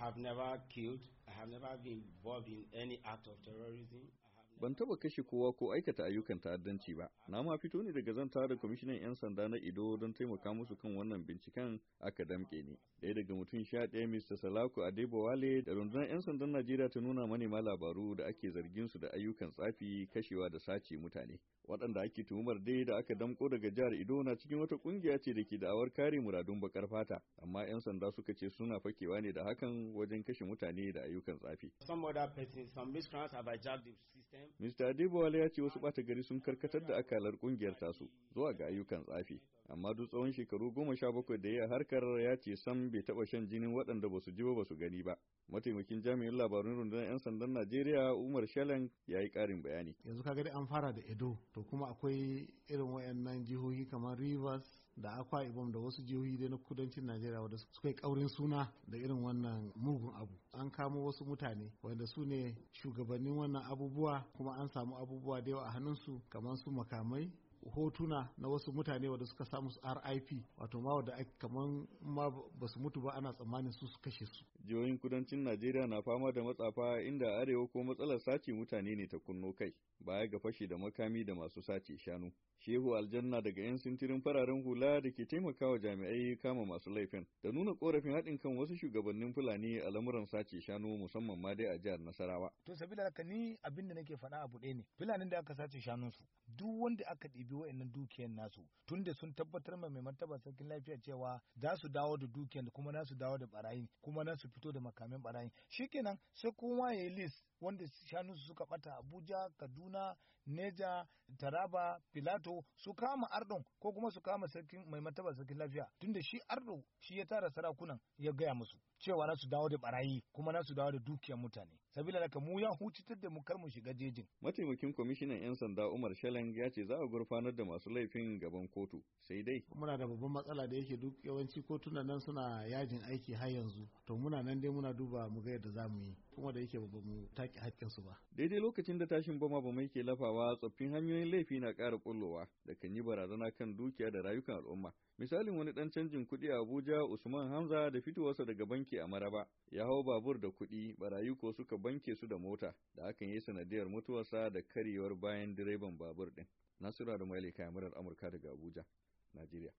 have never killed. I have never been involved in any act of terrorism. Ban taba kashe kowa ko aikata ayyukan ta'addanci ba. Na ma fito ne daga zan da kwamishinan 'yan sanda na Ido don taimaka musu kan wannan binciken aka damƙe ni. Ɗaya daga mutum sha ɗaya Mr. Salaku Adebowale da rundunar 'yan sandan Najeriya ta nuna manema labaru da ake zargin su da ayyukan tsafi kashewa da sace mutane. Waɗanda ake tuhumar dai da aka damko daga jihar Ido na cikin wata ƙungiya ce da ke da'awar kare muradun bakar fata, amma 'yan sanda suka ce suna fakewa ne da hakan wajen kashe mutane da ayyukan tsafi. Some other system Mr. Adebowale ya ce wasu ɓata gari sun karkatar da akalar ƙungiyar tasu zuwa ga ayyukan tsafi. Amma duk tsawon shekaru goma sha bakwai da ya harkar ya ce sam bai taɓa shan jinin waɗanda ba su ji ba ba su gani ba. Mataimakin jami'in labarun rundunar 'yan sandan Najeriya Umar Shalen ya yi ƙarin bayani. Yanzu kaga dai an fara da Edo to kuma akwai irin wayannan jihohi kamar Rivers da Akwa Ibom da wasu jihohi dai na kudancin Najeriya wanda suka yi ƙaurin suna da irin wannan mugun abu. an kamo wasu mutane wanda su ne shugabannin wannan abubuwa kuma an samu abubuwa da yawa a hannunsu kamar su makamai hotuna na wasu mutane wanda suka samu RIP wato ma wadda ake kaman ma ba su mutu ba ana tsammanin su su kashe su. Jihohin kudancin Najeriya na fama da matsafa inda arewa ko matsalar sace mutane ne ta kunno kai baya ga fashi da makami da masu sace shanu. Shehu Aljanna daga 'yan sintirin fararen hula da ke taimakawa jami'ai kama masu laifin da nuna korafin haɗin kan wasu shugabannin Fulani a lamuran sace shanu musamman ma dai a jihar Nasarawa. To sabila haka ni abinda nake faɗa a ɗaya ne. Fulanin da aka sace su duk wanda aka ɗibi wa'annan dukiyan nasu tun da sun tabbatar ma mai martaba sarkin lafiya cewa za su dawo da dukiyan kuma za su dawo da barayin kuma za su fito da makamin barayin shikenan sai kowa ya yi list wanda shanunsu suka bata Abuja, Kaduna, Neja, Taraba, Filato su kama Ardon ko kuma su kama sarkin mai mataba sarkin lafiya tunda shi Ardo shi ya tara sarakunan ya gaya musu cewa na su dawo da barayi kuma na su dawo da dukiyar mutane. Sabila daga mu ya hucitar da mu kar mu shiga jejin. Mataimakin kwamishinan 'yan sanda Umar Shalang ya ce za a gurfanar da masu laifin gaban kotu sai dai. Muna da babban matsala da yake duk yawanci kotunan nan suna yajin aiki har yanzu to muna nan dai muna duba mu ga yadda za mu yi kuma da yake babban mu ta haƙƙinsu ba. Daidai lokacin da tashin bama ba mai ke lafawa tsoffin hanyoyin laifi na kara ƙullowa da kan yi barazana kan dukiya da rayukan al'umma. Misalin wani dan canjin kuɗi a Abuja Usman Hamza da fitowarsa daga banki a Maraba ya hau babur da kuɗi barayu ko suka banke su da mota da hakan yi sanadiyar mutuwarsa da karyewar bayan direban babur ɗin. Nasiru Adamu Ali Kamarar Amurka daga Abuja, Najeriya.